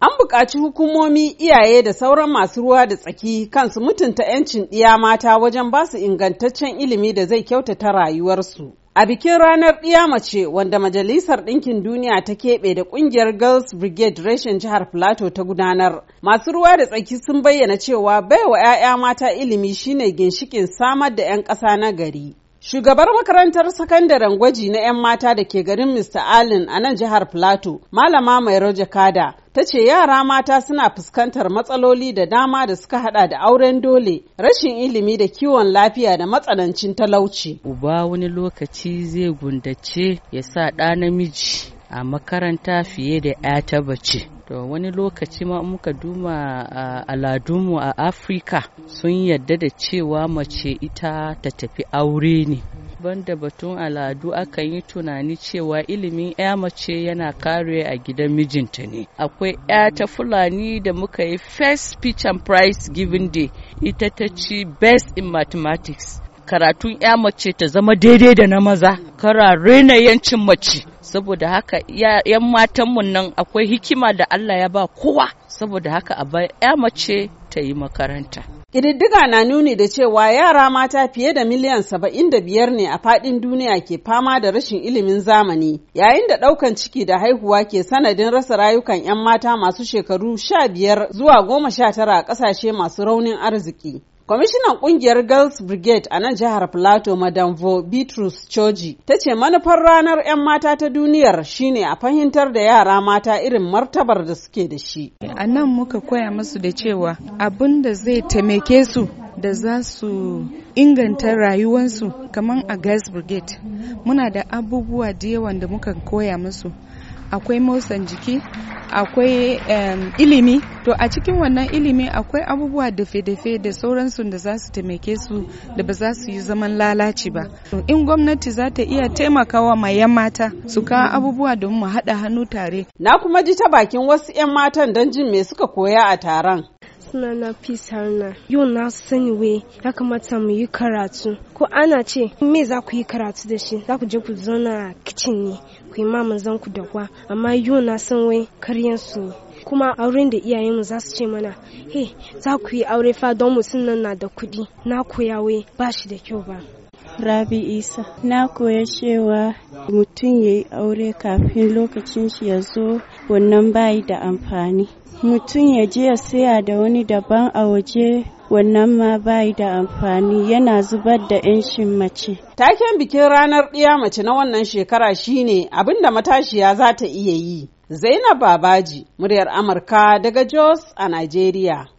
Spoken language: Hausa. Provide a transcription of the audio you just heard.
An buƙaci hukumomi iyaye da sauran masu ruwa da tsaki kansu mutunta 'yancin ɗiya mata wajen ba su ingantaccen ilimi da zai kyautata rayuwarsu. A bikin ranar ɗiya mace wanda Majalisar Ɗinkin Duniya ta keɓe da ƙungiyar Girls Brigade reshen jihar Filato ta gudanar, masu ruwa da tsaki sun bayyana cewa baiwa 'ya'ya mata ilimi shine ginshikin samar da 'yan ƙasa na gari. Shugabar makarantar sakandaren gwaji na 'yan mata da ke garin Mr. Allen a nan jihar Plateau, Malama Mai Jakada, ta ce yara mata suna fuskantar matsaloli da dama da suka hada da auren dole, rashin ilimi da kiwon lafiya da matsanancin talauci. Uba wani lokaci zai gundace ya sa ɗa namiji a makaranta fiye da 'ya ta bace. to wani lokaci ma muka duma aladunmu a afirka sun yadda da cewa mace ita ta tafi aure ne banda batun aladu akan yi tunani cewa ilimin ya mace yana kare a gidan mijinta ne akwai ya ta fulani da muka yi first speech and prize giving day ita ta ci best in mathematics karatun ya mace ta zama daidai da na maza kara rena yancin mace saboda haka yan matanmu nan akwai hikima da Allah ya ba kowa saboda haka a bai ya mace ta yi makaranta. Ƙididdiga na nuni da cewa yara mata fiye da miliyan saba'in da biyar ne a faɗin duniya ke fama da rashin ilimin zamani yayin da ɗaukan ciki da haihuwa ke sanadin rasa rayukan 'yan mata masu shekaru sha biyar zuwa goma sha tara a ƙasashe masu raunin arziki. Kwamishinan kungiyar Girls Brigade a nan jihar Plateau vo Bitrus Choji ta ce manufar ranar 'yan mata ta duniyar shine a fahimtar da yara mata irin martabar da suke da shi. A nan muka koya musu da cewa abin da zai taimake su da za su inganta rayuwansu kamar a Girls Brigade. Muna da abubuwa da yawan da muka koya musu akwai motsan jiki akwai ilimi to a cikin wannan ilimi akwai abubuwa dafe-dafe da sauransu da za su taimake su da ba za su yi zaman lalaci ba in gwamnati za ta iya taimakawa ma 'yan mata su kawo abubuwa don mu haɗa hannu tare na kuma ji ta bakin wasu 'yan matan don jin me suka koya a taron na peace na yau na sani we ya kamata mu yi karatu ko ana ce me za ku yi karatu da shi za ku je ku zauna a kicin ne ku yi ma mamazan ku da kwa amma yau na san wai karyan su ne kuma auren da iyayenmu za su ce mana he za ku yi aure fa don mu nan na da kuɗi na koya wai ba shi da kyau ba Rabi Isa, na koya cewa mutum ya yi aure kafin lokacin shi ya zo wannan bayi da amfani. mutum ya je ya saya da wani daban a waje wannan ma bai da amfani yana zubar da 'yancin mace. Taken bikin ranar ɗiya mace na wannan shekara shine abinda matashiya za ta iya yi. Zainab Babaji, muryar Amurka daga Jos a Najeriya.